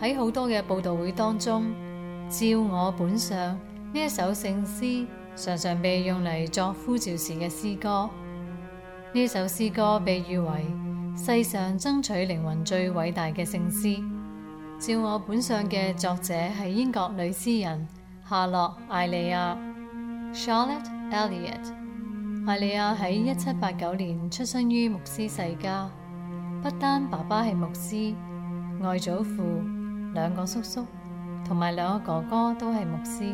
喺好多嘅佈道會當中，《照我本相》呢一首聖詩常常被用嚟作呼召時嘅詩歌。呢首詩歌被譽為世上爭取靈魂最偉大嘅聖詩。《照我本相》嘅作者係英國女詩人夏洛艾利亞 （Charlotte Elliott）。艾利亞喺一七八九年出生於牧師世家，不單爸爸係牧師，外祖父，兩個叔叔同埋兩個哥哥都係牧師，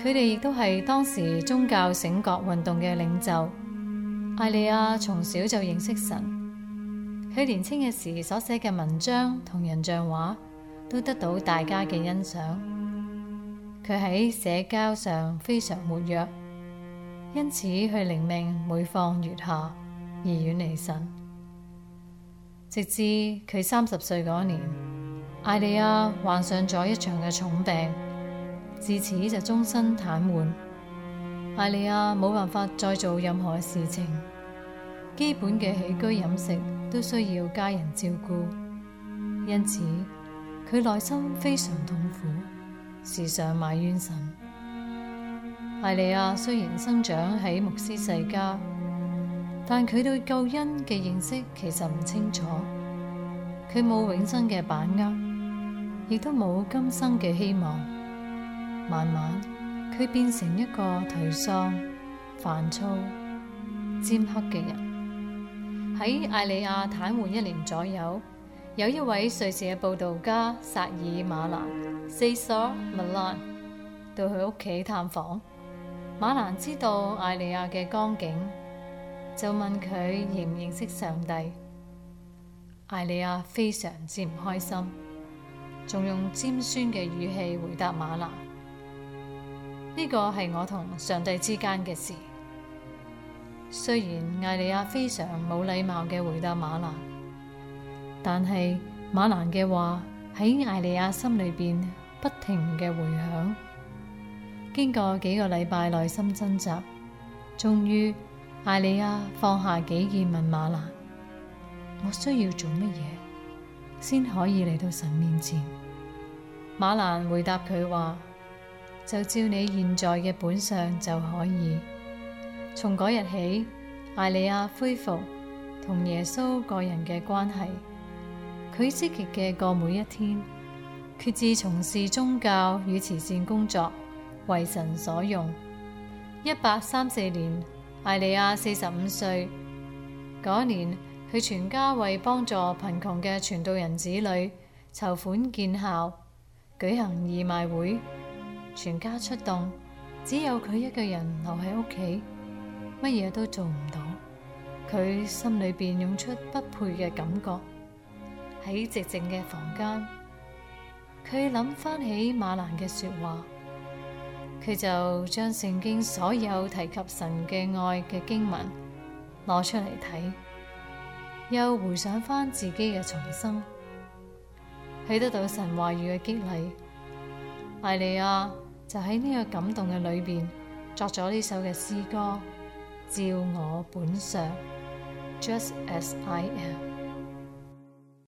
佢哋亦都係當時宗教醒覺運動嘅領袖。艾莉亞從小就認識神，佢年輕嘅時所寫嘅文章同人像畫都得到大家嘅欣賞。佢喺社交上非常活躍，因此佢靈命每況愈下而遠離神，直至佢三十歲嗰年。艾利亞患上咗一場嘅重病，自此就終身癱瘓。艾利亞冇辦法再做任何事情，基本嘅起居飲食都需要家人照顧，因此佢內心非常痛苦，時常埋怨神。艾利亞雖然生長喺牧師世家，但佢對救恩嘅認識其實唔清楚，佢冇永生嘅把握。亦都冇今生嘅希望，慢慢佢變成一個頹喪、煩躁、尖刻嘅人。喺艾利亞淡緩一年左右，有一位瑞士嘅報導家薩爾馬蘭 （Sass m i l a n 到佢屋企探訪。馬蘭知道艾利亞嘅光景，就問佢認唔認識上帝。艾利亞非常之唔開心。仲用尖酸嘅語氣回答馬蘭，呢個係我同上帝之間嘅事。雖然艾利亞非常冇禮貌嘅回答馬蘭，但係馬蘭嘅話喺艾利亞心裏邊不停嘅回響。經過幾個禮拜內心掙扎，終於艾利亞放下己見問馬蘭：我需要做乜嘢？先可以嚟到神面前。馬蘭回答佢話：就照你現在嘅本相就可以。從嗰日起，艾利亞恢復同耶穌個人嘅關係，佢積極嘅過每一天，決志從事宗教與慈善工作，為神所用。一八三四年，艾利亞四十五歲嗰年。佢全家為幫助貧窮嘅傳道人子女籌款建校，舉行義賣會，全家出動，只有佢一個人留喺屋企，乜嘢都做唔到。佢心裏邊湧出不配嘅感覺，喺寂靜嘅房間，佢諗翻起馬蘭嘅說話，佢就將聖經所有提及神嘅愛嘅經文攞出嚟睇。又回想翻自己嘅重生，睇得到神話語嘅激勵，艾莉亞就喺呢個感動嘅裏邊作咗呢首嘅詩歌，照我本相，Just as I am。